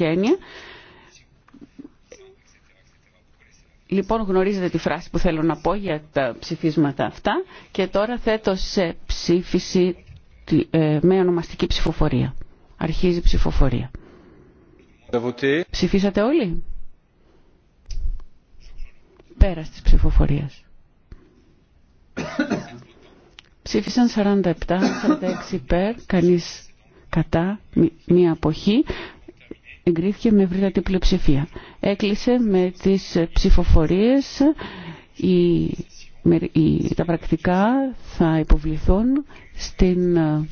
Κένια. Λοιπόν, γνωρίζετε τη φράση που θέλω να πω για τα ψηφίσματα αυτά και τώρα θέτω σε ψήφιση ε, με ονομαστική ψηφοφορία. Αρχίζει η ψηφοφορία. Ψηφίσατε όλοι. Πέρα της ψηφοφορίας. Ψήφισαν 47, 46 υπέρ, κανείς κατά, μία αποχή εγκρίθηκε με ευρύτατη πλειοψηφία. Έκλεισε με τις ψηφοφορίες, η, τα πρακτικά θα υποβληθούν στην ε,